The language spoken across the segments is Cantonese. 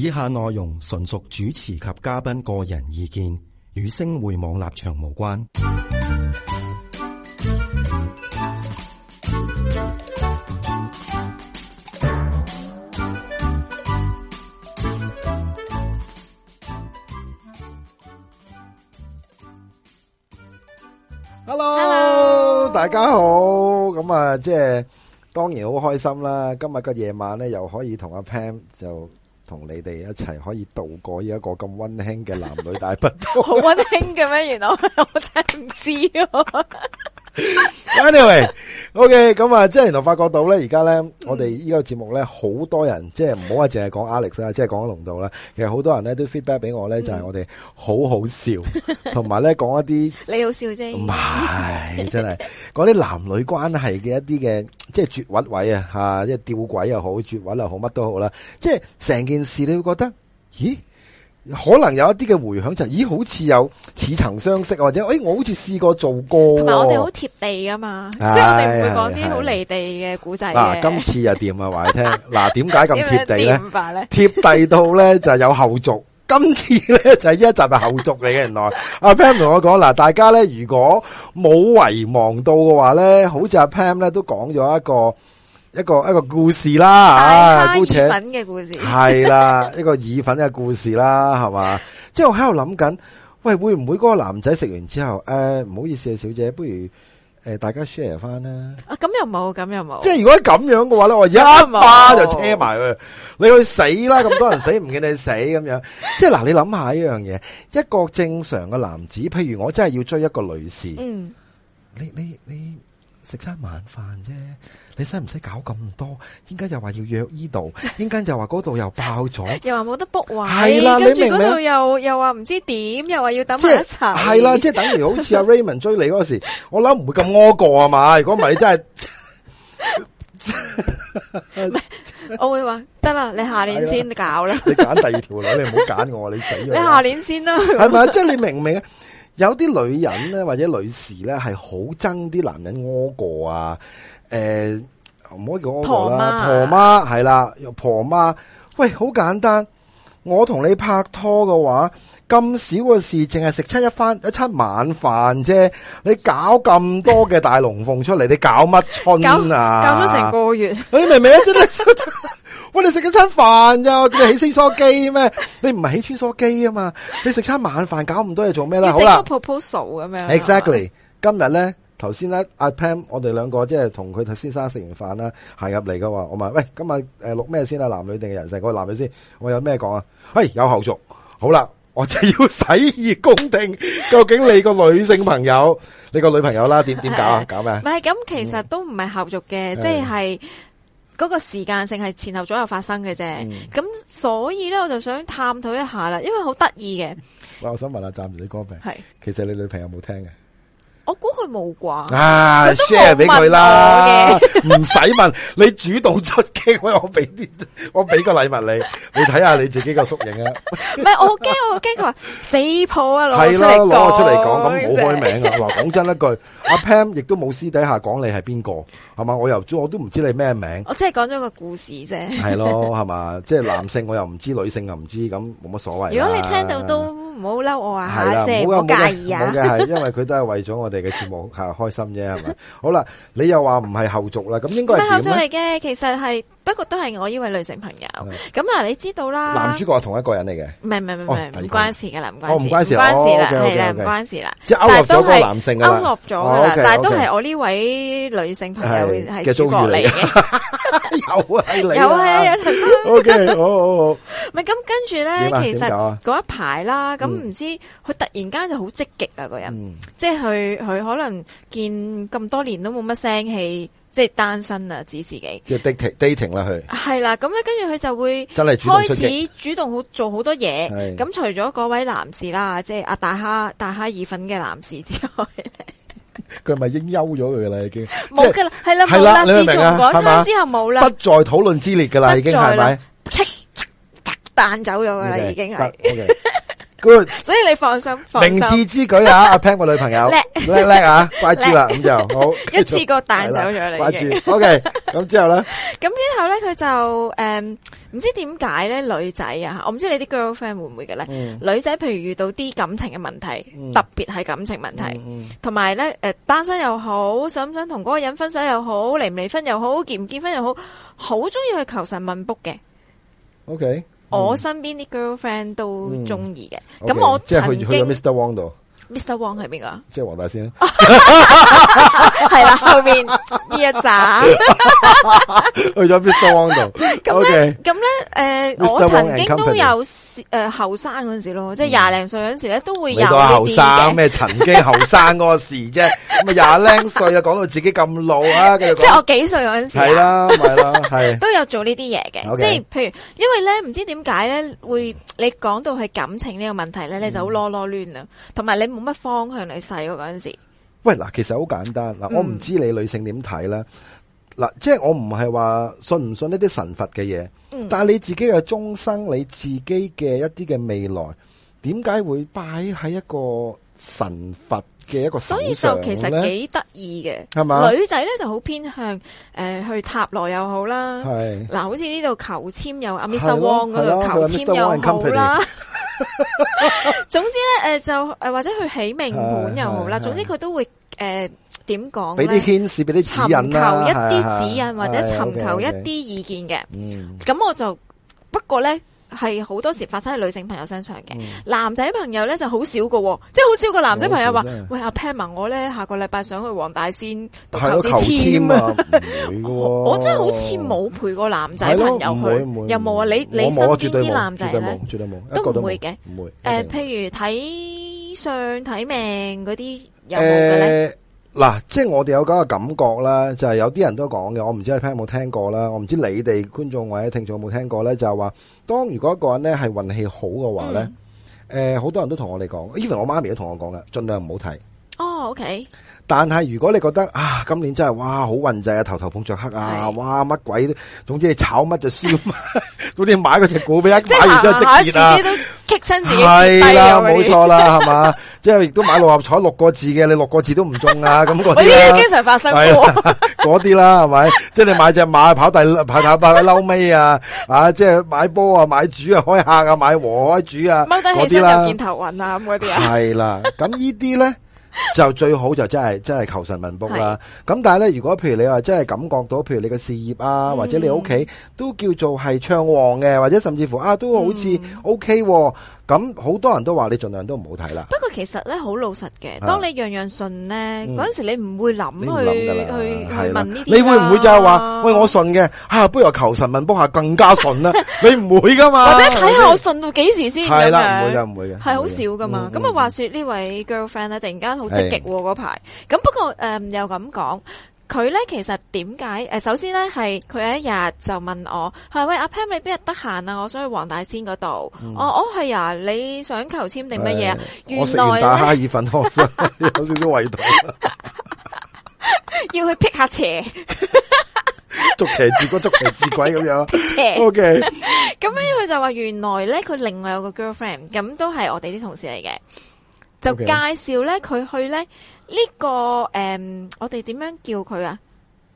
以下內容純屬主持及嘉賓個人意見，與星匯網立場無關。Hello, Hello. 大家好，咁啊，即係當然好開心啦！今日個夜晚咧，又可以同阿 Pam 就。同你哋一齊可以度過一個咁溫馨嘅男女大不同啊。 好溫馨嘅咩？原來我真係唔知。 Anyway，OK，okay, 咁，嗯嗯哎，啊，即係原來發覺到咧，而家咧，我哋依個節目咧，好多人即係唔好話淨係講 Alex 啊，即係講龍道啦。其實好多人咧都 feedback 俾我咧，就係我哋好好笑，同埋咧講一啲你好笑啫，唔係真係講啲男女關係嘅一啲嘅，即係絕位位啊吓，即係吊詭又好，絕位又好，乜都好啦。即係成件事你會覺得，咦？可能有一啲嘅回響就是，咦，好似有似曾相識，或者，誒、哎，我好似試過做過。同埋我哋好貼地噶嘛，哎、即係我哋唔會講啲好離地嘅古仔嗱，今次又點啊？話你聽，嗱、 啊，點解咁貼地咧？貼地到咧就係、是、有後續，今次咧就係、是、呢一集係後續嚟嘅。原來阿、 啊、Pam 同我講，嗱，大家咧如果冇遺忘到嘅話咧，好似阿 Pam 咧都講咗一個。一個一個故事啦，啊，而且係啦，一個意粉嘅故事啦，係 嘛？即係我喺度諗緊，喂，會唔會嗰個男仔食完之後誒，唔好意思啊，小姐，不如誒、呃、大家 share 翻啦？啊，咁又冇，咁又冇。即係如果咁樣嘅話咧，我一巴就車埋佢，你去死啦！咁多人死唔 見你死咁樣。即係嗱，你諗下一樣嘢，一個正常嘅男子，譬如我真係要追一個女士，嗯，你你你食餐晚飯啫。你使唔使搞咁多？應該又話要約呢度，應該又話嗰度又爆咗， 又話冇得 book 位，係啦，你明唔明？跟住嗰度又 又話唔知點，又話要、就是、 等埋一齊，係啦，即係等於好似阿 Raymond 追你嗰時，我諗唔會咁屙過啊嘛，如果唔係，你真係，我會話得啦，你下年先搞啦。你揀第二條女，你唔好揀我，你死你下年先啦，係咪即係你明唔明啊？有啲女人咧，或者女士咧，係好憎啲男人屙過啊！誒、呃，唔可以講屙過啦，婆媽係啦，婆媽。喂，好簡單，我同你拍拖嘅話，咁少嘅事，淨係食餐一番一餐晚飯啫。你搞咁多嘅大龍鳳出嚟，你搞乜春啊？搞咗成個月，你明唔明啊？真係。喂，你食緊餐飯啊？你起穿梭機咩？你唔係起穿梭機啊嘛？你食餐晚飯搞咁多嘢做咩啦？好啦，proposal 咁樣。Exactly，今日咧，頭先咧，阿 Pam，我哋兩個即係同佢先生食完飯啦，行入嚟噶話，我問喂，今日誒錄咩先啊？男女定係人生個男女先？我有咩講啊？誒，有後續，好啦，我就要洗耳恭聽。究竟你個女性朋友，你個女朋友啦，點點搞啊？搞咩？唔係咁，其實都唔係後續嘅，即係。嗰、那個時間性係前後左右發生嘅啫，咁、嗯、所以咧我就想探討一下啦，因為好得意嘅。我想問下暫時你個病係，其實你女朋友冇聽嘅？我估佢冇啩，share 俾佢啦，唔使問，你主動出擊，我俾啲，我俾個禮物你，你睇下你自己個縮影啊。唔係我驚，我驚佢話死婆啊，攞我出嚟，攞我出嚟講咁冇開名啊！我話講真一句，阿 Pam 亦都冇私底下講你係邊個，係嘛？我又，我都唔知你咩名。我即係講咗個故事啫，係咯，係嘛？即係男性我又唔知，女性又唔知，咁冇乜所謂。如果你聽到都。唔好嬲我啊！係啦，唔好介意啊，冇嘅係，因為佢都係為咗我哋嘅節目係開心啫，係嘛？好啦，你又話唔係後續啦，咁應該係點咧？後續嚟嘅，其實係，不過都係我呢位女性朋友。咁啊，你知道啦。男主角係同一個人嚟嘅。唔係唔係唔係唔關事嘅，唔關事，唔關事啦，係啦，唔關事啦。即係勾咗個男性，勾咗啦，但係都係我呢位女性朋友係主角嚟嘅。 有啊，係你啊！有啊，有陳生。 o、okay, K，好好好。咪 咁跟住咧，其實嗰一排啦，咁唔知佢、嗯、突然間就好積極啊，個、嗯、人，即係佢佢可能見咁多年都冇乜聲氣，即係單身啊，指自己。即係 dating dating 啦，佢係啦，咁咧跟住佢就會真開始主動好做好多嘢。咁除咗嗰位男士啦、啊，即係阿大蝦大蝦意粉嘅男士之外。佢咪應休咗佢啦，已經冇噶啦，係啦，冇啦，自從嗰次之後冇啦，不再討論之列噶啦，已經係咪？彈走咗噶啦，已經係。所以你放心，明智之舉啊！阿 Pen 個女朋友叻叻叻啊，乖豬啦，咁就好，一次過彈走咗你嘅。乖豬，OK。咁之後咧，咁之後咧，佢就誒，唔知點解咧，女仔啊，我唔知你啲 girlfriend 會唔會嘅咧。女仔，譬如遇到啲感情嘅問題，特別係感情問題，同埋咧，誒，單身又好，想唔想同嗰個人分手又好，離唔離婚又好，結唔結婚又好，好中意去求神問卜嘅。OK。我身邊啲 girlfriend 都中意嘅。咁、嗯、我即係去去咗 Mr. Wong 度。Mr. Wong 係邊個？即係黃大仙啦。 係 啦，後面一 去了，呢一扎去咗 Mr. Wong 度。咁咁咧，誒，我曾經都有誒，後生嗰陣時咯，即係廿零歲嗰陣時咧，都會有呢生嘅。咩曾經後生嗰個時啫？咁啊廿零歲啊，講到自己咁老啊，即係我幾歲嗰陣時啊？係 啦，係啦，係。都有做呢啲嘢嘅，okay。即係譬如，因為咧唔知點解咧會你講到係感情呢個問題咧，你就好囉囉攣啦，同、嗯、埋你冇乜方向嚟細嗰陣時候。喂嗱，其實好簡單嗱，我唔知你女性點睇啦，嗱、嗯，即係我唔係話信唔信一啲神佛嘅嘢，嗯，但係你自己嘅終生，你自己嘅一啲嘅未來，點解會擺喺一個神佛嘅一個手上咧？所以就其實幾得意嘅，係嘛？女仔咧就好偏向誒，呃，去塔羅又好啦，係嗱，像這裡求有 Wong 求好似呢度求簽又阿 Mr Wong 嗰度求簽又好啦。 總之咧，誒、呃、就誒或者去起名盤又好啦，是是是總之佢都會誒點講咧，俾啲牽俾啲尋求一啲指引、啊、是是是或者尋求，求一啲意見嘅。咁、嗯、我就不過咧。係好多時發生喺女性朋友身上嘅，嗯，男仔朋友咧就好少喎，即係好少個男仔朋友話：喂阿 Pam 我咧下個禮拜想去黃大仙求簽啊，求簽啊， 啊我！我真係好似冇陪過男仔朋友去，有冇啊！你你，你身邊啲男仔、呃、呢？都唔會嘅。唔會誒，譬如睇相睇命嗰啲有冇嘅咧？嗱，即係我哋有嗰個感覺啦，就係、是、有啲人都講嘅，我唔知你聽有冇聽過啦，我唔知你哋觀眾或者聽眾有冇聽過咧，就話、是、當如果一個人咧係運氣好嘅話咧，好、嗯呃、多人都同我哋講，even 我媽咪都同我講嘅，盡量唔好睇。哦，OK。但係如果你覺得啊，今年真係哇好運滯啊，頭頭碰着黑啊，哇乜鬼總之你炒乜就燒，總 之 買隻股俾一買完之後直接啦。激親自己係啦，冇錯啦，係嘛， 即係亦都買六合彩六個字嘅，你六個字都唔中啊，咁嗰啲呢， 經常發生嗰啲啦，係 咪？是是 即係你買隻馬跑第跑頭，排溜尾啊，啊， 啊即係買波啊，買主啊，開客啊，買和開主啊，嗰啲啦，嗰啲啦，見頭暈啊，咁嗰啲啊，係啦，咁呢啲咧。 就最好就真係真係求神問卜啦。咁但係咧，如果譬如你話真係感覺到，譬如你個事業啊，或者你屋企都叫做係暢旺嘅，或者甚至乎啊，都好似 OK 喎、啊。嗯啊咁好多人都話你盡量都唔好睇啦。不過其實咧好老實嘅，當你樣樣信咧，嗰、嗯、陣時你唔會諗去去問呢啲。你會唔會就係話喂，我信嘅，吓不如求神問卜下更加信啦？ 你唔會噶嘛？或者睇下我信到幾時先？係啦，唔會嘅，唔會嘅，係好少噶嘛。咁啊，話說呢位 girlfriend 咧，突然間好積極嗰排。咁不過誒、呃、又咁講。佢咧其實點解？誒、呃，首先咧係佢有一日就問我，係喂阿 Pam 你邊日得閒啊？我想去黃大仙嗰度、嗯。我哦係啊，你想求簽定乜嘢啊、欸？原來我打哈爾粉生， 有少少味道。要去辟下邪 逐自，捉邪治鬼，捉邪治鬼咁樣。O K，咁咧佢就話原來咧佢另外有個 girlfriend，咁都係我哋啲同事嚟嘅，就介紹咧佢去咧。呢、這個誒、嗯，我哋點樣叫佢啊？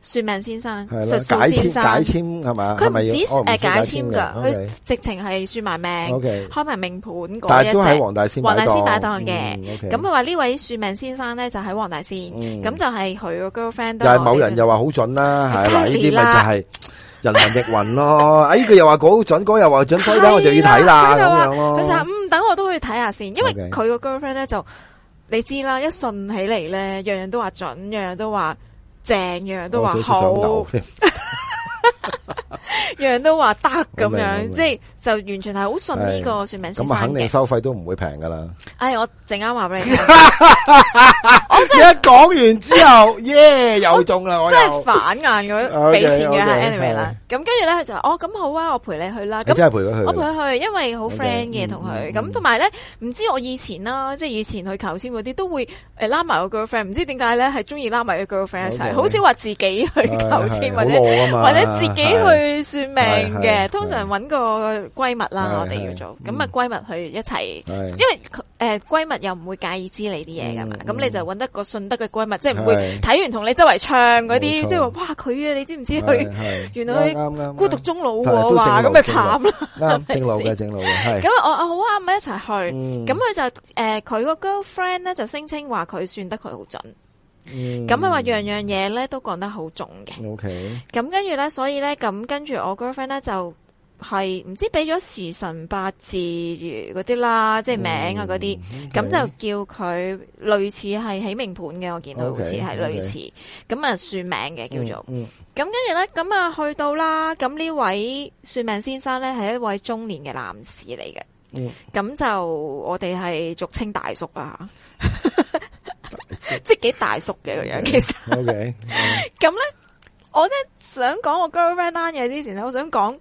算命先生，是術術先生，解籤解籤係嘛？佢唔只誒解籤噶，佢、okay、直情係算埋命，okay、開埋命盤嗰一。但係都喺黃大仙擺檔嘅。咁佢話呢位算命先生咧就喺黃大仙，咁、嗯、就係佢個 girlfriend。但係某人又話好準啦，係、嗯、嘛？呢啲咪就係人云亦云咯。 哎，佢又話嗰好準，嗰又話準，所以咧我就要睇啦。佢就話，佢就話，唔、嗯、等我都可以睇下先看看，因為佢個 girlfriend 咧、okay、就。你知啦，一信起嚟咧，樣樣都話準，樣樣都話正，樣樣都話好，樣樣 都話得咁樣，即係就完全係好信呢個算命先生咁啊，哎、肯定收費都唔會平噶啦。哎，我陣間話俾你。 講完之後，耶 有、yeah, 中啦！我，我真係反眼咁俾錢嘅係 anyway 啦。咁跟住咧就哦，咁好啊，我陪你去啦。咁真係陪佢去，我陪佢去，因為好 friend 嘅同佢。咁同埋咧，唔、嗯嗯、知道我以前啦，即係以前去求簽嗰啲都會誒拉埋個 girlfriend。唔知點解咧係中意拉埋個 girlfriend 一齊，好少話自己去求簽或者或者自己去算命嘅。通常揾個閨蜜啦，我哋要做咁啊閨蜜去一齊，因為誒閨蜜又唔會介意知你啲嘢噶嘛。咁你就揾得個順德。閨蜜即係唔會睇完同你周圍唱嗰啲，即係話哇佢啊，你知唔知佢原來佢孤獨終老喎，話咁咪慘啦，正路嘅 正路，係咁我我好啱，咪一齊去，咁佢、 嗯、就誒佢個 girlfriend 咧就聲稱話佢算得佢好準，咁佢話樣樣嘢咧都講得好準嘅，ok，咁跟住咧，所以咧咁跟住我 girlfriend 咧就。係唔知俾咗時辰八字嗰啲啦，即、就、係、是、名啊嗰啲，咁、嗯嗯、就叫佢類似係起名盤嘅，我見到好似係類似，咁、okay, 啊、okay. 算名嘅叫做，咁跟住咧，咁、嗯、啊去到啦，咁呢位算命先生咧係一位中年嘅男士嚟嘅，咁、嗯、就我哋係俗稱大叔啊， 即係幾大叔嘅樣，okay, 其實，咁、okay, 咧、嗯，我咧想講我 girlfriend 單嘢之前咧，我想講。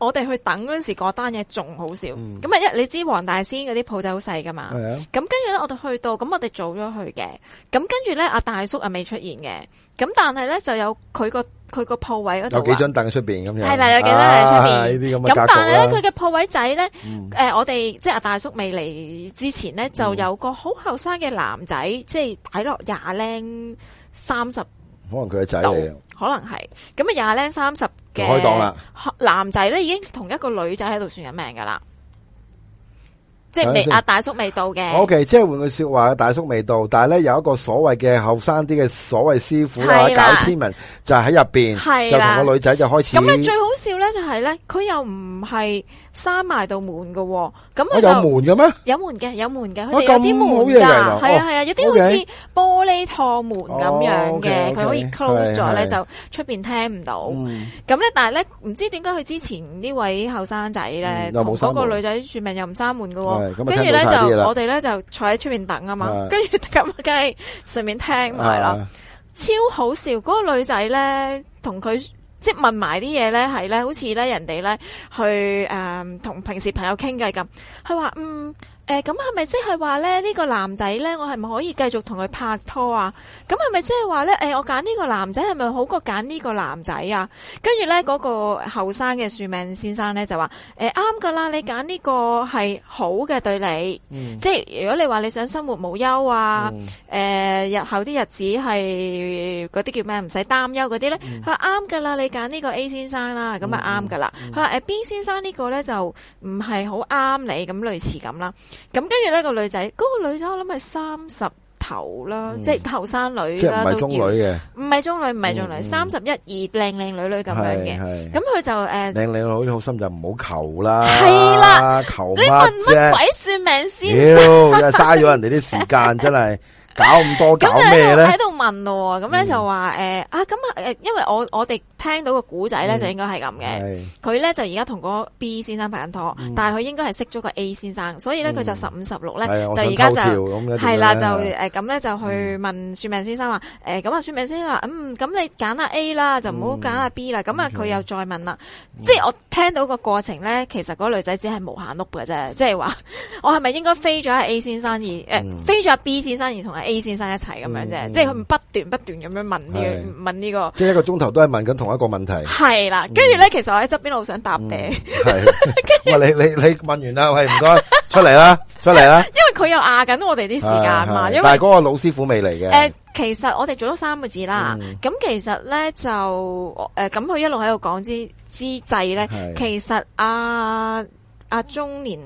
我哋去等嗰時，嗰單嘢仲好少。咁啊，一你知黃大仙嗰啲鋪仔好細噶嘛？咁跟住咧，我哋去到，咁我哋早咗去嘅。咁跟住咧，阿大叔啊未出現嘅。咁但係咧，就有佢個佢個鋪位嗰度有幾張凳，出邊咁樣。係啦，有幾張喺出邊。咁但係咧，佢嘅鋪位仔咧，誒，我哋即係阿大叔未嚟之前咧，就有個好後生嘅男仔，即係睇落廿零三十。可能佢嘅仔嚟，可能係咁啊廿零三十嘅開檔啦，男仔咧，已經同一個女仔喺度算緊命噶啦，即係未等等、啊、大叔未到嘅。OK，即係換句說話，大叔未到，但係咧有一個所謂嘅後生啲嘅所謂師傅啊，搞籤文，就喺入邊，就同個女仔就開始。咁啊最好笑咧就係咧，佢又唔係。閂埋到門喎，咁佢就有門嘅咩？有門嘅，有門嘅，佢有啲門，㗎。係係啊係啊，哦、有啲好似玻璃趟門咁樣嘅，佢、哦哦 okay, okay, 可以 close 咗咧，okay, 就出邊聽唔到。咁、嗯、咧，但係咧，唔知點解佢之前呢位後生仔咧，嗰、嗯、個女仔、嗯、算命又唔閂門喎。跟住咧就我哋咧就坐喺出邊等啊嘛，跟住咁梗係順便聽埋啦、啊，超好笑！嗰、那個女仔咧同佢。即係問埋啲嘢咧，係咧，好似咧人哋咧去，誒同平時朋友傾偈咁，佢話嗯。誒、欸，咁係咪即係話咧？呢個男仔咧，我係咪可以繼續同佢拍拖啊？咁係咪即係話咧？誒、欸，我揀呢個男仔係咪好過揀呢個男仔啊？跟住咧，嗰個後生嘅算命先生咧就話：誒、欸，啱噶啦！你揀呢個係好嘅對你，即係，嗯，如果你話你想生活無憂啊，誒、嗯呃，日後啲日子係嗰啲叫咩？唔使擔憂嗰啲咧，佢話啱噶啦！你揀呢個 A 先生啦，咁啊啱噶啦。佢話誒 B 先生呢個咧就唔係好啱你，咁類似咁啦。咁跟住呢、嗰個女仔，嗰、嗰個女仔我諗係三十頭啦、嗯，即係後生女、啊，即係唔係中女嘅，唔係中女，唔係中女、嗯，三十一二靚靚女女咁樣嘅。咁佢就誒，靚、呃、靚女好似好心就唔好求啦，係啦，求你問乜鬼算命先，哎、 真係嘥咗人哋啲時間，真係。搞咁多搞，咁 就喺度喺度問咯。咁咧就話誒啊，咁啊誒、啊，因為我我哋聽到個古仔咧就應該係咁嘅。佢、嗯、咧就而家同嗰 B 先生拍緊拖，但係佢應該係識咗個 A 先生，嗯、所以咧佢就十五十六咧就而家就係啦、啊、就誒咁咧就去問算命先生話誒咁啊算命先生話嗯咁、嗯嗯嗯、你揀下 A 啦，就唔好揀下 B 啦。咁、嗯、啊佢又再問啦，即、嗯、係、就是、我聽到個過程咧，其實嗰女仔只係無限碌嘅啫，即係話我係咪應該飛咗阿 A 先生而誒、嗯、飛咗阿 B 先生而同、A A 先生一齊咁樣啫、嗯，即係佢不斷不斷咁樣問呢、呢個，問呢、呢個，即係一個鐘頭都係問緊同一個問題。係啦，跟住咧，其實我喺側邊度想答嘅。係、嗯，跟住 你你你問完啦，喂，唔該，出嚟啦，出嚟啦。因為佢又壓緊我哋啲時間嘛，因為但係嗰個老師傅未嚟嘅。誒、呃，其實我哋做咗三個字啦，咁、嗯、其實咧就誒，咁、呃、佢一路喺度講之之際咧，其實阿、啊啊、中年。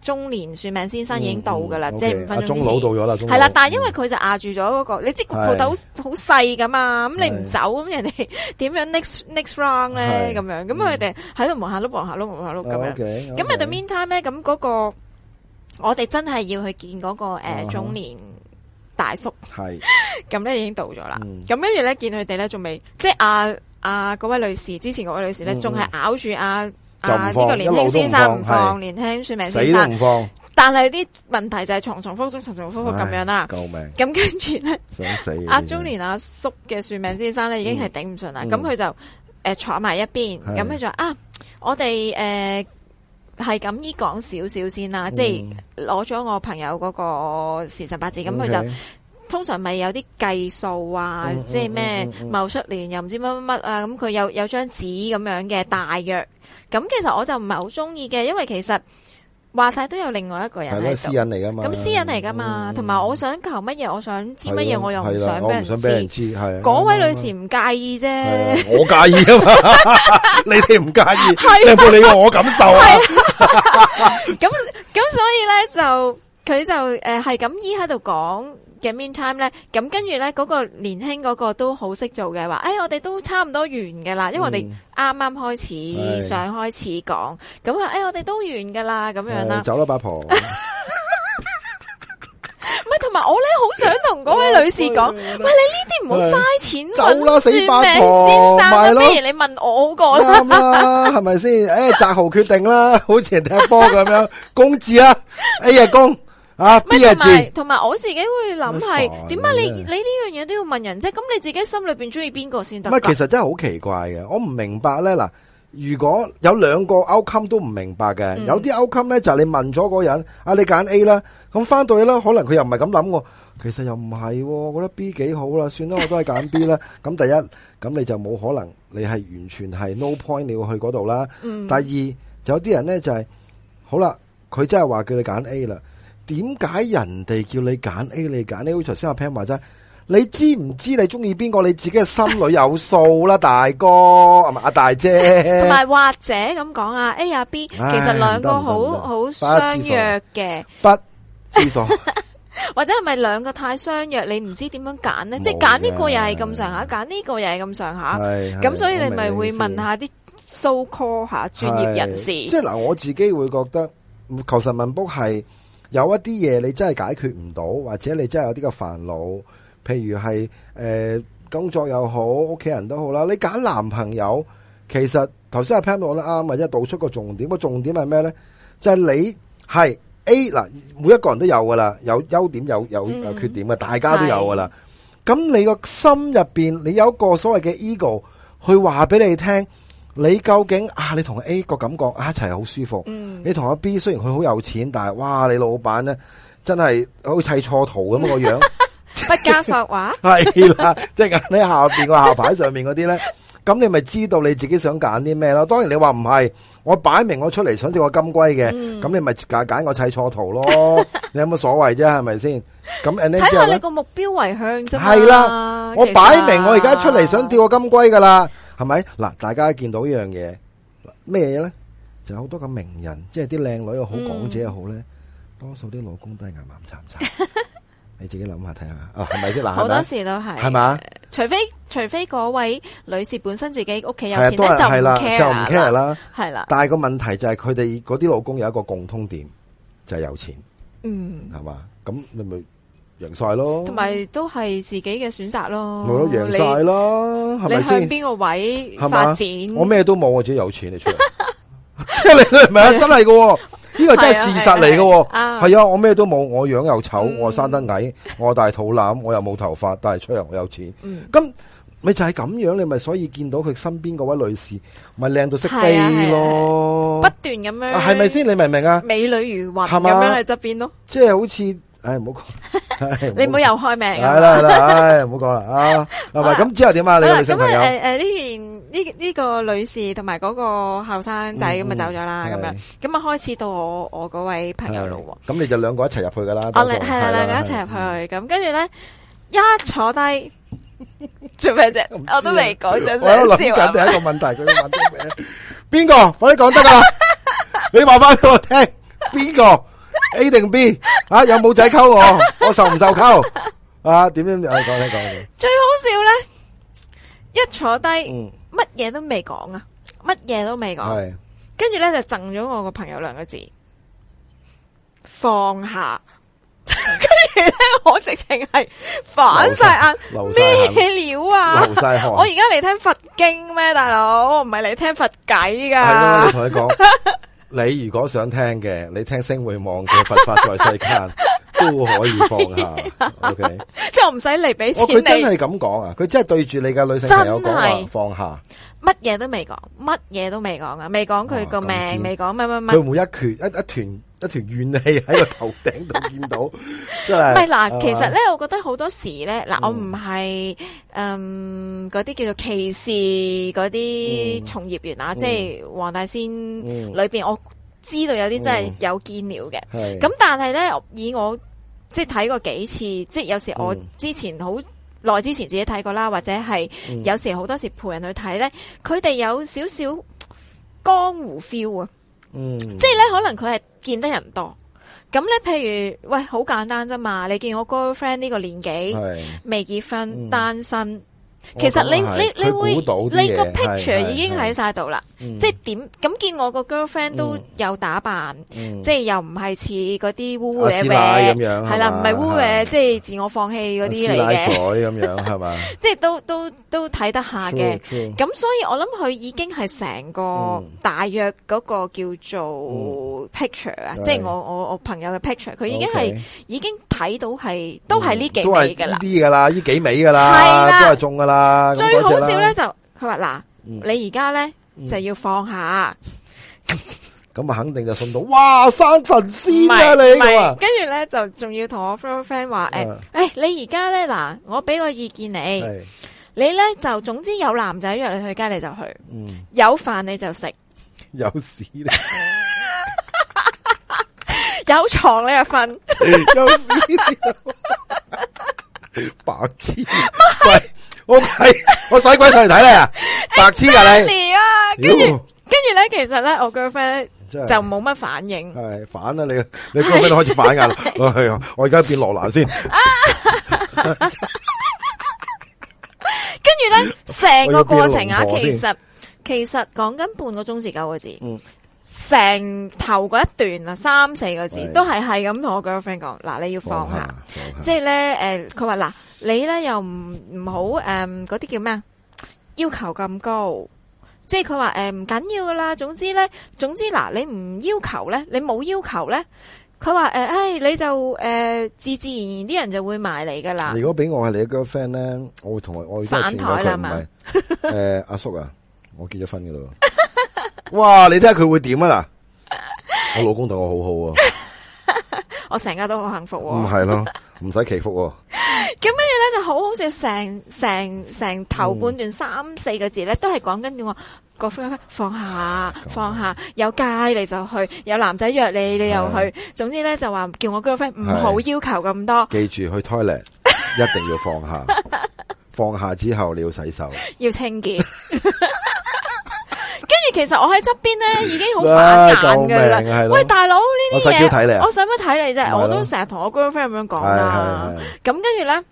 中年算命先生已經到噶啦，嗯嗯，即係五分鐘。中老到咗啦，係啦，但係因為佢就壓住咗嗰個、嗯，你知鋪頭好好細噶嘛，咁你唔走，咁人哋點樣 next next round 咧？咁樣，咁佢哋喺度忙下碌，忙下碌，忙下碌咁樣。咁喺度 mean time 咧，咁、okay，嗰、okay，嗰個我哋真係要去見嗰、嗰個誒、啊、中年大叔，係咁咧已經到咗啦。咁跟住咧見佢哋咧仲未，即係阿阿嗰位女士，之前嗰位女士咧仲係咬住阿。嗯啊！呢、這個年輕先生唔放，唔放唔放年輕算命先生，唔放。但係啲問題就係重重複複、重重複複咁樣啦、啊。救命！咁跟住咧，想死、阿、啊、中年阿、啊、叔嘅算命先生咧、嗯、已經係頂唔順啦。咁、嗯、佢就誒、呃、坐埋一邊，咁、嗯、佢就、嗯、啊，我哋誒係咁依講少少先啦，即係攞咗我朋友嗰個時辰八字，咁、嗯、佢就。Okay, 通常咪有啲計數啊，即係咩某出年又唔知乜乜乜啊。咁佢有有張紙咁樣嘅，大約咁。其實我就唔係好中意嘅，因為其實話晒都有另外一個人係私隱嚟噶嘛。咁私隱嚟噶嘛，同埋我想求乜嘢，我想知乜嘢，我又唔想俾人知。係嗰位女士唔介意啫，我介意啊嘛。你哋唔介意，你冇理我感受啊。咁咁，所以咧就佢就誒係咁依喺度講。嘅 mean time 咧，咁跟住咧嗰個年輕嗰個都好識做嘅，話、哎、誒我哋都差唔多完嘅啦，因為我哋啱啱開始想開始講，咁啊誒我哋都完噶啦，咁樣啦，走啦、啊、八婆。唔 係，同埋我咧好想同嗰位女士講、啊，喂你呢啲唔好嘥錢，走啦、啊、死八婆，唔係咯，就是、不，不如你問我好過啦，係咪先？誒，澤、欸、豪決定啦，好似人踢波咁樣， 公字啊，哎呀，公。啊！B 啊字，同埋我自己會諗係點解你你呢樣嘢都要問人啫。咁你自己心裏邊中意邊個先得？唔係，其實真係好奇怪嘅。我唔明白咧。嗱，如果有兩個 outcome 都唔明白嘅，嗯、有啲 outcome 咧就係、是、你問咗嗰個人啊，你揀 A 啦，咁翻到去啦，可能佢又唔係咁諗。我其實又唔係、啊，我覺得 B 幾好啦，算啦，我都係揀 B 啦。咁 第一，咁你就冇可能你係完全係 no point 你會去嗰度啦。嗯、第二，就有啲人咧就係、是，好啦，佢真係話叫你揀 A 啦。點解人哋叫你揀 A，你揀 A？好，頭先 Pam 話齋，你知唔知你中意邊個？你自己嘅心裏有數啦， 大哥，係咪阿大姐？同埋或者咁講啊，A 啊 B，其實兩個好好相約嘅，不，知所， 或者係咪兩個太相約，你唔知點樣揀呢？即係揀呢個又係咁上下，揀呢個又係咁上下，咁所以你咪會問一下啲 so call 下專業人士。即係嗱，就是、我自己會覺得，求神問卜係。有一啲嘢你真係解決唔到，或者你真係有啲嘅煩惱，譬如係誒、呃、工作又好，屋企人都好啦。你揀男朋友，其實頭先阿 Pan 講得啱，或者道出個重點。個重點係咩呢？就係、是、你係 A 嗱，每一個人都有噶啦，有優點有有有缺點嘅、嗯，大家都有噶啦。咁你個心入邊，你有一個所謂嘅 ego 去話俾你聽。你究竟啊？你同 A 個感覺啊，一齊好舒服。嗯、你同阿 B 雖然佢好有錢，但係哇，你老闆咧真係好似砌錯圖咁個樣，嗯、 不加實索話，係 啦。即、就、係、是、你下邊個 下排上面嗰啲咧，咁你咪知道你自己想揀啲咩咯？當然你話唔係，我擺明我出嚟想釣個金龜嘅，咁、嗯、你咪揀揀砌錯圖咯。你有乜所謂啫？係咪先？咁，睇下你個目標為向係啦、啊，我擺明我而家出嚟想釣個金龜噶啦。係咪？嗱，大家見到一樣嘢，咩嘢咧？就好多個名人，即係啲靚女又好，港姐又好咧，多數啲老公都係牙蠻叉叉。你自己諗下睇下，哦，係咪啲男？好多時都係。係嘛？除非除非嗰位女士本身自己屋企有錢，就唔 care 啦。係啦。但係個問題就係佢哋嗰啲老公有一個共通點，就係有錢。嗯。係嘛？咁你咪。贏晒咯，同埋都係自己嘅選擇咯。冇咯，贏晒啦，係咪先？你向邊個位發展？我咩都冇，我自己有錢你出嚟，即 係你明唔明 是 啊？真係噶，呢個真係事實嚟噶。係啊，啊，我咩都冇，我樣又醜，嗯，我生得矮，我又大肚腩，我又冇頭髮，但係出嚟我有錢。嗯，咁咪就係咁樣，你咪所以見到佢身邊嗰位女士，咪靚到識飛咯。啊啊啊，不斷咁樣，係咪先？你明唔明啊？美女如雲，咁樣喺側邊咯。即係、就是、好似。誒，唔好講，你唔好又開名。係啦係啦，唔好講啦啊，係咪咁之後點啊？你嘅小朋友誒誒，呢件呢，呢個女士同埋嗰個後生仔咁咪走咗啦，咁樣咁啊，開始到我我嗰位朋友，咁你就兩個一齊入去噶啦，係啦係啦，兩個一齊入去，咁跟住咧，一坐低做咩啫？我都未講，就先。我諗緊第一個問題，佢問啲咩？邊個快啲講得㗎？你話翻俾我聽，邊個？A 定 B 啊？有冇仔溝我？我受唔受溝啊？點樣嚟講嚟講？最好笑咧，一坐低，嗯，乜嘢都未講啊，乜嘢都未講，係，跟住咧就贈咗我個朋友兩個字，放下。跟住咧，我直情係反晒眼，咩料啊？流晒汗。我而家嚟聽佛經咩，大佬？我唔係嚟聽佛偈噶。係咯，我同你講。你如果想聽嘅，你聽星會望嘅，佛法在世間都可以放下。OK，即係我唔使嚟俾錢你。佢真係咁講啊！佢真係對住你嘅女性朋友講放下，乜嘢都未講，乜嘢都未講啊！未講佢個命，未講咩咩咩，佢唔會一拳一一團。一條怨氣喺個頭頂度見到， 真係。係嗱，其實咧，我覺得好多時咧，嗱、嗯，我唔係嗯嗰啲叫做歧視嗰啲從業員啊、嗯，即係黃大仙、嗯、裏邊，我知道有啲真係有見料嘅。咁、嗯、但係咧，以我即係睇過幾次，即係有時我之前好耐、嗯、之前自己睇過啦，或者係有時好多時陪人去睇咧，佢、嗯、哋有少少江湖 feel 啊。嗯，即係咧，可能佢係見得人多，咁咧，譬如喂，好簡單啫嘛，你見我 girlfriend 呢個年紀未結婚、嗯、單身。其實你你你會你個 picture 已經喺晒度啦，即係點咁見我個 girlfriend 都、嗯、有打扮，嗯、即係又唔係似嗰啲烏烏嘅咁樣，係、啊、啦，唔係烏嘅，即係、就是、自我放棄啲嚟嘅。咁樣係嘛？ 即係都都都睇得下嘅，咁所以我諗佢已經係成個大約嗰個叫做 picture 啊、嗯，即係我我我朋友嘅 picture，佢已經係、okay. 已經睇到係都係呢幾都係呢啲噶啦，呢幾味噶啦，係啦，都係、嗯啊、中噶啦。啊、最好笑咧就佢話嗱，你而家咧就要放下，咁 啊肯定就信到哇生神仙啊你，跟住咧就仲要同我 friend friend 話誒，誒、啊哎、你而家咧嗱，我俾個意見你，你咧就總之有男仔約你，你去街你就去，嗯、有飯你就食，有屎， 有床你就瞓， 有屎有 白痴。 O、okay, K，我使鬼上嚟睇你啊！ 白痴啊你啊！跟住，跟住咧，其實咧，我 girlfriend 咧就冇乜反應，哎。係反啦你，你 friend 開始反噶啦，哎哎！我係 啊，我而家變羅蘭先。啊、 跟住咧，成個過程啊，其實其實講緊半個鐘至九個字，成、嗯、頭嗰一段啊，三四個字都係係咁同我 girlfriend 講嗱，你要放下，即係咧誒，佢話嗱。就是你咧又唔唔好誒，嗰、呃、啲叫咩啊？要求咁高，即係佢話誒唔緊要噶啦。總之咧，總之嗱，你唔要求咧，你冇要求咧，佢話誒，你就誒、呃，自自然然啲人就會埋嚟噶啦。如果俾我係你嘅 girlfriend 咧，我會同我我而家勸咗佢唔係，誒、 呃，阿叔啊，我結咗婚噶啦。 哇！你睇下佢會點啊啦？ 我老公對我好好啊。我成家都好幸福，啊，唔係咯，唔使祈福，啊 呢。咁跟住咧就好好笑，成成成頭半段三四個字咧，嗯、都係講緊叫我 girlfriend 放下，下放下，有街你就去，有男仔約你你又去，總之咧就話叫我 girlfriend 唔好要，要求咁多，記住去 toilet 一定要放下， 放下之後你要洗手，要清潔。 其實我喺側邊咧已經好反眼嘅啦，喂，大佬呢啲嘢，我使乜睇你啫、啊？我都成日同我 girlfriend 咁樣講啦、啊。咁跟住咧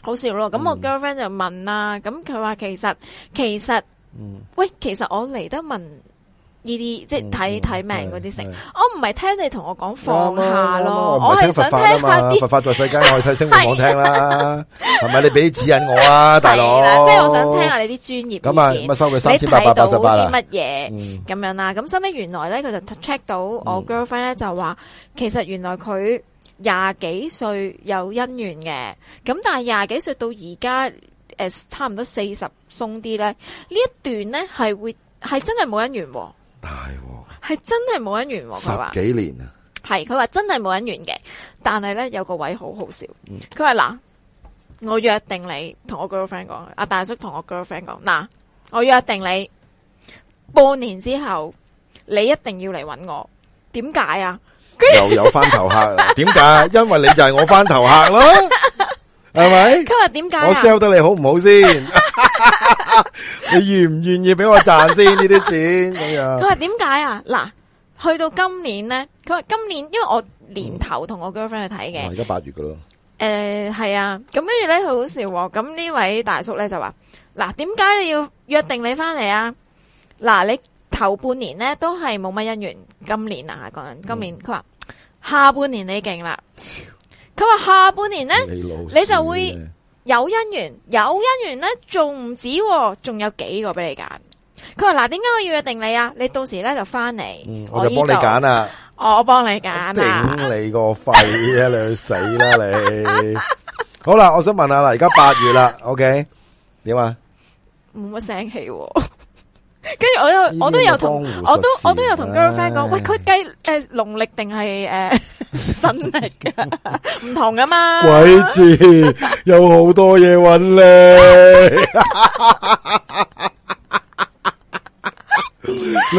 好笑咯，咁我 girlfriend 就問啦，咁佢話其實其實，喂，其實我嚟得問。呢啲即係睇睇命嗰啲成，我唔係聽你同我講放下咯，我係想聽下啲佛法在世間、啊、我睇聲唔講聽啦，係咪？是是你俾指引我啊，大佬，即係、就是、我想聽一下你啲專業嘅片，你睇到啲乜嘢咁樣啦？咁收尾原來咧，佢就 check 到我 girlfriend 咧就話、嗯，其實原來佢廿幾歲有姻緣嘅，咁但係廿幾歲到而家誒差唔多四十鬆啲咧，呢一,一段咧係會係真係冇姻緣。係喎，係真係冇人緣喎，啊，十幾年啊，係佢話真係冇人緣嘅，但係咧有個位好好笑，佢話嗱，我約定你同我 girlfriend 講，阿、啊、大叔同我 girlfriend 講嗱，我約定你半年之後你一定要嚟搵我，點解啊？又有翻頭客，點 解？因為你就係我翻頭客咯。 係咪？佢話點解我 sell 得你好唔好先？ 你願唔願意俾我賺先呢啲錢咁樣他？佢話點解啊？嗱，去到今年咧，佢話今年因為我年頭同我 girlfriend 去睇嘅，而家八月噶咯。誒、呃，係啊，咁跟住咧，佢好笑喎、啊。咁呢位大叔咧就話：嗱、啊，點解你要約定你翻嚟啊？嗱、啊，你頭半年咧都係冇乜姻緣，今年啊，講今年，佢、嗯、話下半年你勁啦。佢話下半年咧，你就會有姻緣，有姻緣咧，仲唔止，仲有幾個俾你揀。佢話嗱，點解我要約定你啊？你到時咧就翻嚟，嗯，我就幫你揀啦。我幫你揀啦。頂你個肺啊！你去死啦你！ 好啦，我想問下啦，而家八月啦，OK？點啊？冇乜聲氣。跟住我又，我都有同，我都我都有同 girlfriend 講，喂，佢計誒農曆定係誒新曆噶，唔同噶嘛？鬼子有好多嘢揾你，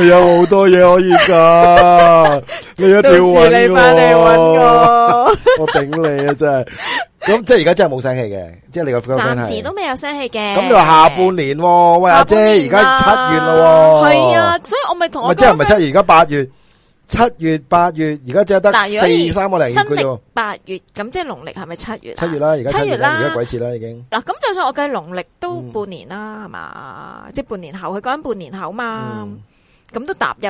你有好多嘢可以噶，你一定要揾我，我頂你啊！真係。咁即係而家真係冇聲氣嘅，即係你個 friend 係暫時都未有聲氣嘅。咁你話下半年，喂，阿姐，而家七月咯，係啊，所以我咪同我即係唔係七月，而家八月、七月、八月，而家即係得四三個零月㗎啫。八月咁即係農曆係咪七月啊？七月啦，而家七月啦，而家鬼節啦已經。嗱，咁就算我計農曆都半年啦，係嘛？即係半年後，佢講緊半年後嘛，咁都踏入。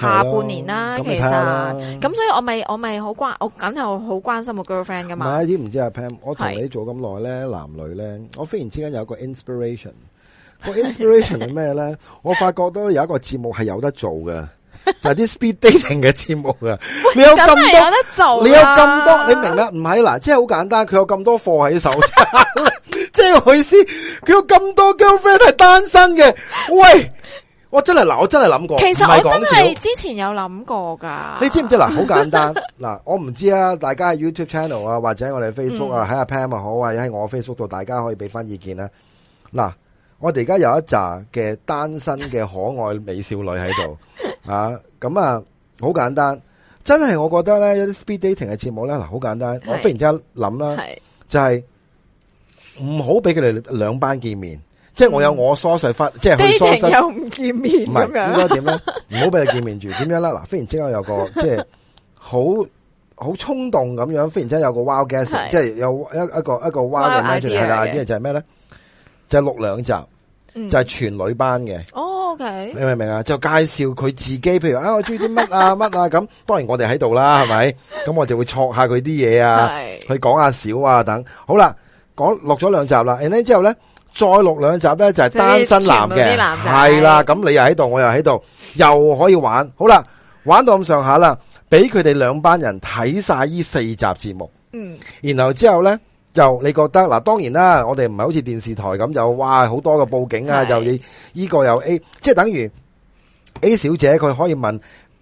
下半年啦，其實咁所以我咪我咪好關，我梗係我好關心個 girlfriend 噶嘛。唔係、啊，啲唔知阿 Pam 我同你做咁耐咧，男女咧，我忽然之間有一個 inspiration，個 inspiration 係咩咧？ 我發覺都有一個節目係有得做嘅，就係啲 speed dating 嘅節目 啊！你有咁多，你有咁多，你明白啦？唔係嗱，即係好簡單，佢有咁多貨喺手， 即係佢思，佢有咁多 girlfriend 係單身嘅，喂。我真係嗱，我真係諗過。其實我真係之前有諗過噶。你知唔知嗱？好簡單嗱， 我唔知啊。大家喺 YouTube channel 啊，或者我哋 Facebook 啊、嗯，喺阿 Pam 啊好啊，喺我 Facebook 度，大家可以俾翻意見啦。嗱、嗯，我哋而家有一集嘅單身嘅可愛美少女喺度 啊，咁啊，好簡單，真係我覺得咧，有啲 speed dating 嘅節目咧，嗱，好簡單，我忽然之間諗啦，係就係唔好俾佢哋兩班見面。嗯、即係我有我梳洗翻，即係去梳洗又唔見面咁樣。應該點咧？唔好俾佢見面住。點樣啦嗱，忽然之間有個即係好好衝動咁樣。忽然之間有個 wild guest，即係有一個一個一個 wild man 係啦。啲嘢就係咩咧？就錄、是、兩、就是、集，嗯、就係、是、全女班嘅。哦，OK，你明唔明啊？就介紹佢自己，譬如啊，我中意啲乜啊，乜 啊咁。當然我哋喺度啦，係咪？咁 我就會錯下佢啲嘢啊，去講下少啊等。好啦，講錄咗兩集啦，然後之後咧。再錄兩集呢，就係、是、單身男嘅，係啦。咁你又喺度，我又喺度，又可以玩。好啦，玩到咁上下啦，俾佢哋兩班人睇晒呢四集節目。嗯，然後之後呢，就你覺得嗱，當然啦，我哋唔係好似電視台咁，就哇好多嘅布景啊，又依呢個又 A，即係等於 A 小姐佢可以問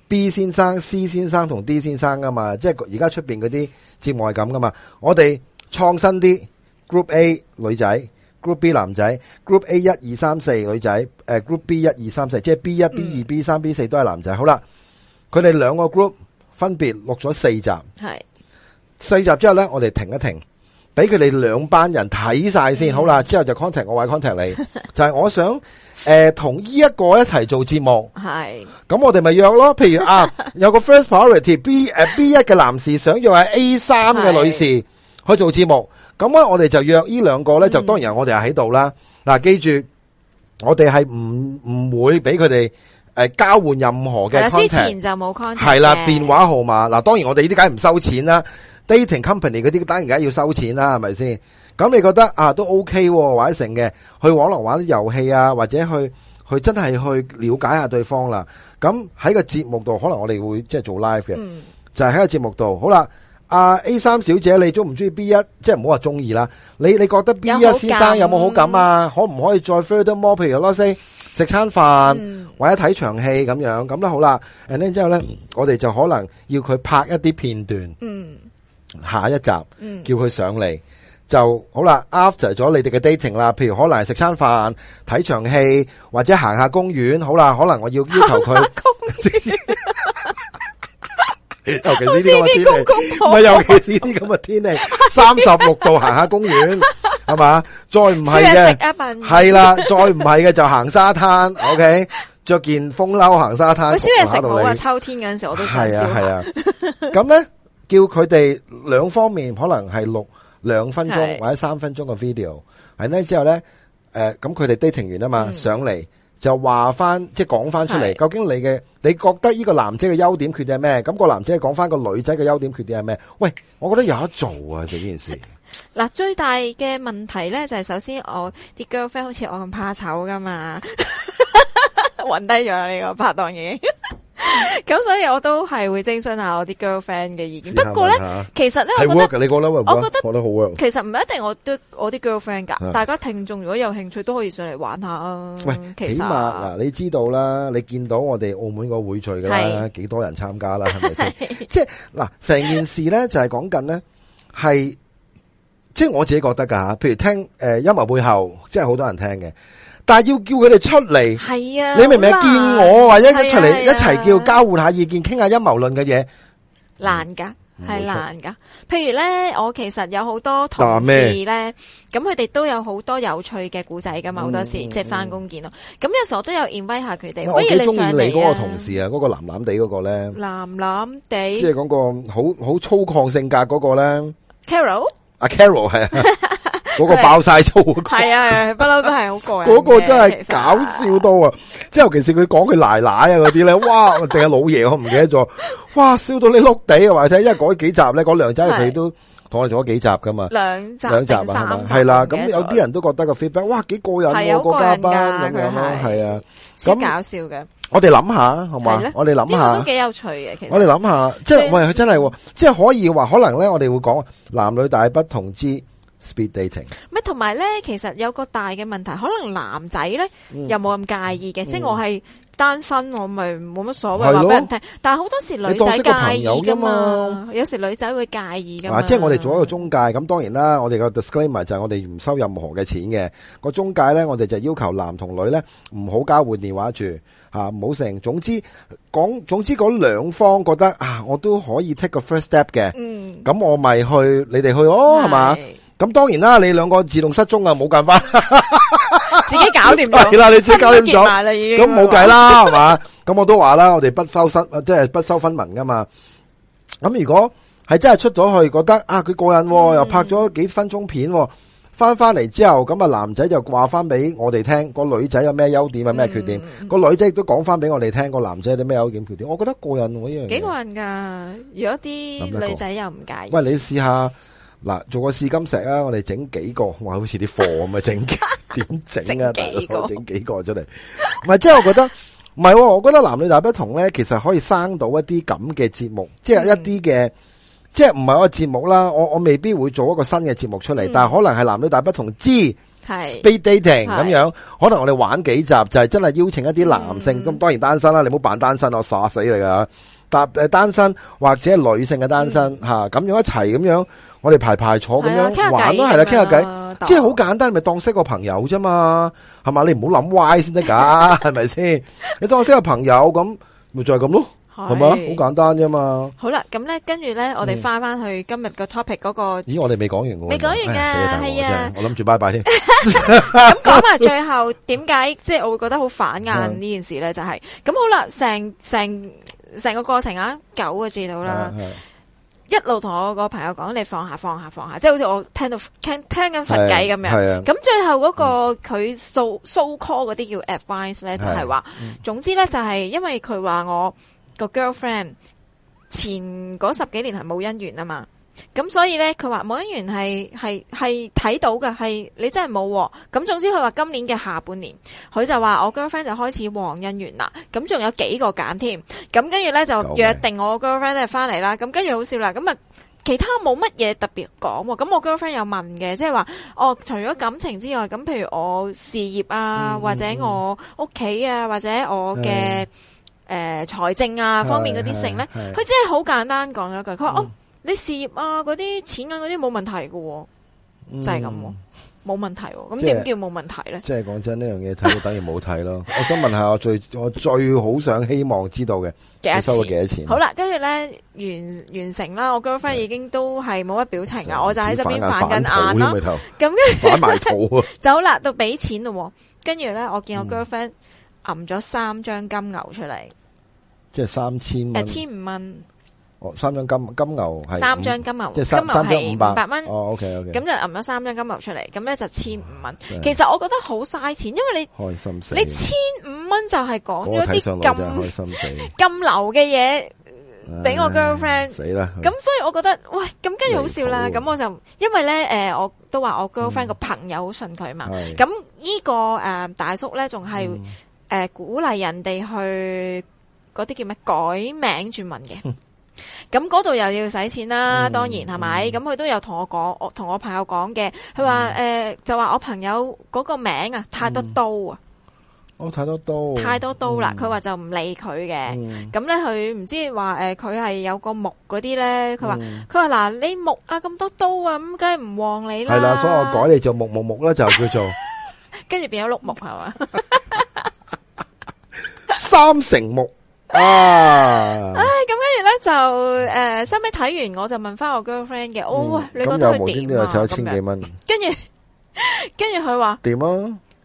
B 先生、嗯、C 先生同 D 先生噶嘛，即係而家出邊嗰啲節目係咁噶嘛。我哋創新啲 Group A 女仔。Group B 男仔，Group A 一二三四女仔，誒 Group B 一二三四，即係 B 一、B 二、B 三、B 四都係男仔。好啦，佢哋兩個 group 分別錄咗四集。係四集之後呢，我哋停一停，俾佢哋兩班人睇晒先。嗯、好啦，之後就 contact 我，位 contact 你，就係、是、我想誒同依一個一齊做節目。係咁，我哋咪約咯。譬如啊，有個 first priority B 誒 B 一嘅男士想約喺 A 三嘅女士去做節目。 咁咧，我哋就約兩呢兩個咧，就當然我哋係喺度啦。嗱、嗯，記住我哋係唔唔會俾佢哋誒交換任何嘅 contact。之前就冇 contact。係啦，電話號碼。嗱，當然我哋呢啲梗係唔收錢啦。嗯、dating company 嗰啲當然而家要收錢啦，係咪先？咁你覺得啊，都 OK、啊、或者成嘅，去網絡玩啲遊戲啊，或者去去真係去了解下對方啦。咁喺個節目度，可能我哋會即係做 live 嘅，嗯、就係喺個節目度。好啦。阿 A 三小姐，你中唔中意 B 一？即係唔好話中意啦。你你覺得 B 一先生有冇好感啊？可唔可以再 further more？譬如咯，先食餐飯或者睇場戲咁樣咁啦，好啦。然之後咧，我哋就可能要佢拍一啲片段。嗯，下一集，叫佢上嚟，就好啦。After 咗你哋嘅 dating 啦，譬如可能係食餐飯、睇場戲或者行下公園，好啦。可能我要要求佢。 尤其是呢啲天氣，唔係尤其是呢啲咁嘅天氣，三十六度行下公園，係嘛？再唔係嘅，係啦，再唔係嘅就行沙灘，OK，着件風褸行沙灘。我知你食唔好啊，秋天嗰陣時我都想燒烤。咁咧叫佢哋兩方面可能係錄兩分鐘或者三分鐘嘅 video，係咧，之後咧，誒，咁佢哋 dating 完啊嘛，上嚟。就話翻，即係講翻出嚟，究竟你嘅，你覺得呢個男仔嘅優點缺點係咩？咁、那個男仔講翻個女仔嘅優點缺點係咩？喂，我覺得有得做啊！整件事，嗱，最大嘅問題咧就係、是，首先我啲 girlfriend、那個、好似我咁怕醜噶嘛，暈低咗你個拍檔已經。咁 所以我都係會徵詢下我啲 girlfriend 嘅意見。不過咧，其實咧，你覺得，覺得，我覺得好 work。其實唔一定我都我啲 girlfriend 噶。大家聽眾如果有興趣，都可以上嚟玩下啊。喂，其實起碼嗱，你知道啦，你見到我哋澳門個會聚噶啦，幾多、多人參加啦，係咪先？即係嗱，成 件事咧就係講緊咧，係即係我自己覺得噶。譬如聽誒音樂背後，即係好多人聽嘅。但係要叫佢哋出嚟，係啊，你明唔明？見我啊，或者一齊嚟，一齊叫交換下意見，傾下陰謀論嘅嘢，難噶，係難噶。譬如咧，我其實有好多同事咧，咁佢哋都有好多有趣嘅故仔噶嘛，好多時即係翻工見咯。咁有陣時我都有 invite 下佢哋。我幾中意你嗰個同事啊，嗰個藍藍地嗰個咧，藍藍地，即係嗰個好好粗獷性格嗰個咧，Carol 啊，Carol 係啊。嗰個爆晒粗，係啊，不嬲都係好過癮。嗰個真係搞笑到啊！即係尤其是佢講佢奶奶啊嗰啲咧，哇！定係老爺我唔記得咗，哇！笑到你碌地啊！話你聽，因為改幾集咧，講娘仔佢都同我做咗幾集噶嘛，兩集、兩集、三集係啦。咁有啲人都覺得個 feedback 哇，幾過癮喎！個嘉賓咁樣咯，係啊，咁搞笑嘅。我哋諗下啊，係嘛？我哋諗下，呢都幾有趣嘅。其實我哋諗下，即係喂佢真係，即係可以話可能咧，我哋會講男女大不同之。speed dating 咪同埋咧，其實有個大嘅問題，可能男仔咧又冇咁介意嘅，即係我係單身，我咪冇乜所謂話俾人聽。但係好多時女仔介意噶嘛，有時女仔會介意噶。啊，即係我哋做一個中介，咁當然啦，我哋個 disclaimer 就係我哋唔收任何嘅錢嘅。個中介咧，我哋就要求男同女咧唔好交換電話住吓，唔好成。總之講，總之嗰兩方覺得啊，我都可以 take 個 first step 嘅。嗯，咁我咪去你哋去咯，係嘛？咁當然啦，你兩個自動失蹤啊，冇辦法，自己搞掂咗啦，你自己搞掂咗啦，已經咁冇計啦，係嘛？咁我都話啦，我哋不收失，即係不收分文噶嘛。咁如果係真係出咗去，覺得啊，佢過癮，又拍咗幾分鐘片，翻翻嚟之後，咁啊男仔就話翻俾我哋聽個女仔有咩優點啊，咩缺點？個女仔亦都講翻俾我哋聽個男仔有啲咩優點缺點？我覺得過癮喎，呢樣幾過癮噶。如果啲女仔又唔介意，喂，你試下。嗱，做個試金石啊！我哋整幾個，話好似啲貨咁嘅整，點整啊？整幾個大，整幾個出嚟。唔 係，即係我覺得，唔係喎。我覺得男女大不同咧，其實可以生到一啲咁嘅節目，即係一啲嘅，嗯、即係唔係我嘅節目啦。我我未必會做一個新嘅節目出嚟。嗯、但係可能係男女大不同之 speed dating 咁樣，可能我哋玩幾集就係、是、真係邀請一啲男性咁，嗯、當然單身啦，你唔好扮單身，我耍死你噶吓。誒單身或者女性嘅單身吓咁樣一齊咁樣。我哋排排坐咁樣、啊、玩咯，係啦，傾下偈，即係好簡單，咪、嗯、當識個朋友啫嘛，係嘛？你唔好諗歪先得噶，係咪先？ 你當我識個朋友咁，咪再係咁咯，係、啊啊啊、嘛？好簡單啫嘛。好啦，咁咧，跟住咧，我哋翻翻去今日個 topic 嗰、嗯那個，咦？我哋未講完喎。未講完嘅係、哎、啊，啊，我諗住拜拜添。咁講埋最後點解， 即係我會覺得好反眼呢件事咧、啊，就係、是、咁好啦。成成成個過程啊，九個字到啦。一路同我個朋友講：你放下放下放下，即係好似我聽到聽聽緊佛偈咁樣。咁最後嗰個佢 so,、嗯、so call 嗰啲叫 advice 咧，就係、是、話、嗯，總之咧就係因為佢話我個 girlfriend 前嗰十幾年係冇姻緣啊嘛。咁所以咧，佢話冇姻緣係係係睇到嘅，係你真係冇。咁總之佢話今年嘅下半年，佢就話我 girlfriend 就開始旺姻緣啦。咁仲有幾個揀添。咁跟住咧就約定我 girlfriend 咧翻嚟啦。咁跟住好笑啦。咁啊，其他冇乜嘢特別講。咁我 girlfriend 有問嘅，即係話哦，除咗感情之外，咁譬如我事業啊，或者我屋企啊，或者我嘅誒財政啊方面嗰啲性咧，佢真係好簡單講咗一句，佢話哦。你事業啊，嗰啲錢啊，嗰啲冇問題喎，就係咁，冇問題。咁點叫冇問題咧？即係講真呢樣嘢睇到，這個，等於冇睇咯。我想問下我最我最好想希望知道嘅，你收咗幾多錢？好啦，跟住咧完完成啦，我 girlfriend 已經都係冇乜表情啊、就是，我就喺側邊反緊眼啦。咁跟住，埋肚走啦，到俾錢咯。跟住咧，我見我 girlfriend 揞咗三張金牛出嚟，即係三千一千五蚊。三張金金牛係三張金牛，即係三三張五百蚊。哦，OK OK。咁就揞咗三張金牛出嚟，咁咧就千五蚊。其實我覺得好嘥錢，因為你開心死你千五蚊就係講咗啲咁咁流嘅嘢俾我 girlfriend 死啦。咁所以我覺得喂，咁跟住好笑啦。咁我就因為咧誒，我都話我 girlfriend 個朋友好信佢嘛。咁呢個誒大叔咧仲係誒鼓勵人哋去嗰啲叫咩改名轉文嘅。咁嗰度又要使錢啦，當然係咪？咁、嗯、佢都有同我講，我同我朋友講嘅，佢話誒就話我朋友嗰個名啊，太多刀啊、嗯哦，太多刀，太多刀啦！佢、嗯、話就唔理佢嘅，咁咧佢唔知話誒，佢、呃、係有個木嗰啲咧，佢話佢話嗱你木啊咁多刀啊，咁梗係唔旺你啦。係啦，所以我改嚟做木木木啦，就叫做跟 住變咗碌木係嘛， 三成木。啊！唉、 啊，咁跟住咧就誒，收尾睇完我就問翻我 girlfriend 嘅、嗯，哦，你覺得佢點、嗯、 然後 啊？咁就無端端又睇咗千幾蚊。跟住，跟住佢話點啊？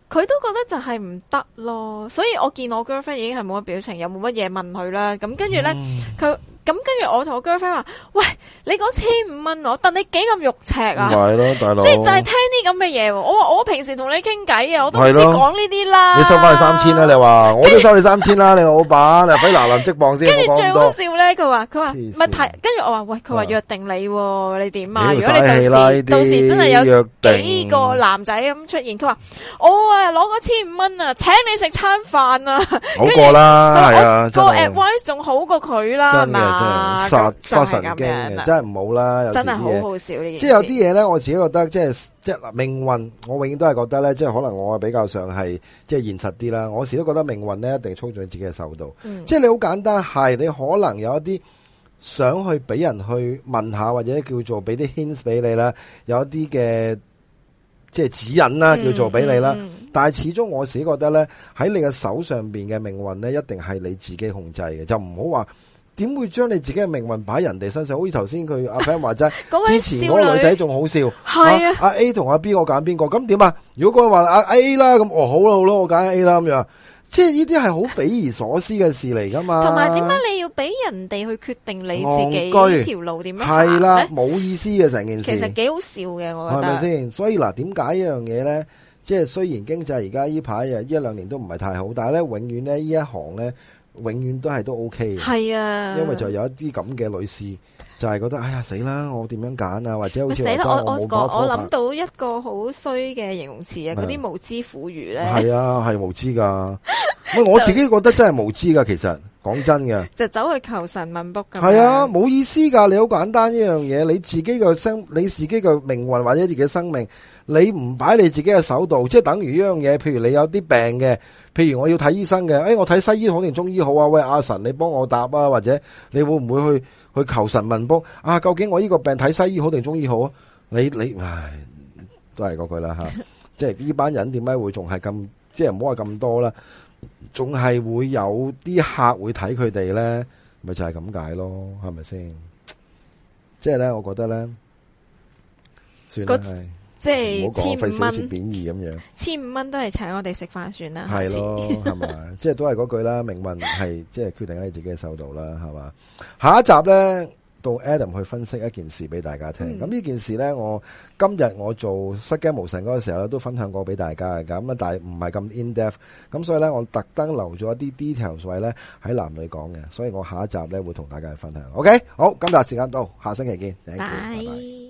佢都覺得就係唔得咯，所以我見我 girlfriend 已經係冇乜表情，又冇乜嘢問佢啦。咁跟住咧，佢、嗯。咁跟住我同我 girlfriend 話，喂，你講千五蚊我，戥你幾咁肉赤啊？唔係咯，大佬，即係就係聽啲咁嘅嘢。我話我平時同你傾偈啊，我都唔會講呢啲啦。你收翻去三千啦，啊，你話我都收你三千啦，啊，你老板，你可唔可以嗱嗱臨即磅先？跟住最好笑咧，佢話佢話咪睇，跟住我話喂，佢話約定你、啊，你點啊、欸？如果你到時到時真係有幾個男仔咁出現，佢話我啊攞個千五蚊啊，請你食餐飯啊，好過啦，係啊，個 advice 仲好過佢啦，係嘛？啊！神，發神經嘅，真係唔好啦！真係好好笑呢件。即係有啲嘢呢，我自己覺得，即係即係命運。我永遠都係覺得呢，即係可能我比較上係即係現實啲啦。我時都覺得命運呢，一定操縱喺自己嘅手度。嗯、即係你好簡單，係你可能有一啲想去俾人去問一下，或者叫做俾啲 hint 俾你啦，有一啲嘅即係指引啦，叫做俾你啦。嗯嗯但係始終我自己覺得呢，喺你嘅手上邊嘅命運呢，一定係你自己控制嘅，就唔好話。點會將你自己嘅命運擺喺人哋身上？好似頭先佢阿 friend 話，話、啊、齋，之前嗰個女仔仲好笑。係啊，阿、啊啊、A 同阿 B，我揀邊個？咁點啊？如果佢話阿 A 啦，咁哦好啦、啊、好啦、啊，我揀 A 啦咁樣。即係呢啲係好匪夷所思嘅事嚟噶嘛？同埋點解你要俾人哋去決定你自己條呢條路？點樣？係啦、啊，冇意思嘅成件事。其實幾好笑嘅，我係咪先？所以嗱，點解呢樣嘢咧？即係雖然經濟而家呢排啊，一兩年都唔係太好，但係咧，永遠咧呢一行咧。永遠都係都 OK 嘅，係啊，因為就有一啲咁嘅女士，就係、是、覺得哎呀死啦，我點樣揀啊？或者好似我我婆婆我諗到一個好衰嘅形容詞啊，嗰啲無知婦孺咧，係啊，係無知噶， 我自己覺得真係無知噶，其實講真嘅，就走去求神問卜咁，係啊，冇意思噶，你好簡單一樣嘢，你自己嘅生，你自己嘅命運或者自己嘅生命。你唔擺你自己嘅手度，即係等於一樣嘢。譬如你有啲病嘅，譬如我要睇醫生嘅，誒、哎，我睇西醫好定中醫好啊？喂，阿神，你幫我答啊，或者你會唔會去去求神問卜啊？究竟我呢個病睇西醫好定中醫好啊？你你唉，都係嗰句啦吓、啊， 即係呢班人點解會仲係咁，即係唔好話咁多啦，仲係會有啲客會睇佢哋咧，咪就係咁解咯，係咪先？即係咧，我覺得咧，算啦， 係即係千五蚊，千五蚊都係請我哋食飯算啦。係咯，係嘛 即係都係嗰句啦。命運係即係決定喺你自己嘅手度啦，係嘛。下一集咧，到 Adam 去分析一件事俾大家聽。咁、嗯、呢件事咧，我今日我做失驚無神嗰個時候咧，都分享過俾大家嘅。咁啊，但係唔係咁 in depth。咁所以咧，我特登留咗一啲 details 位咧喺男女講嘅。所以我下一集咧會同大家去分享。OK，好，今日時間到，下星期見，Bye、拜，拜。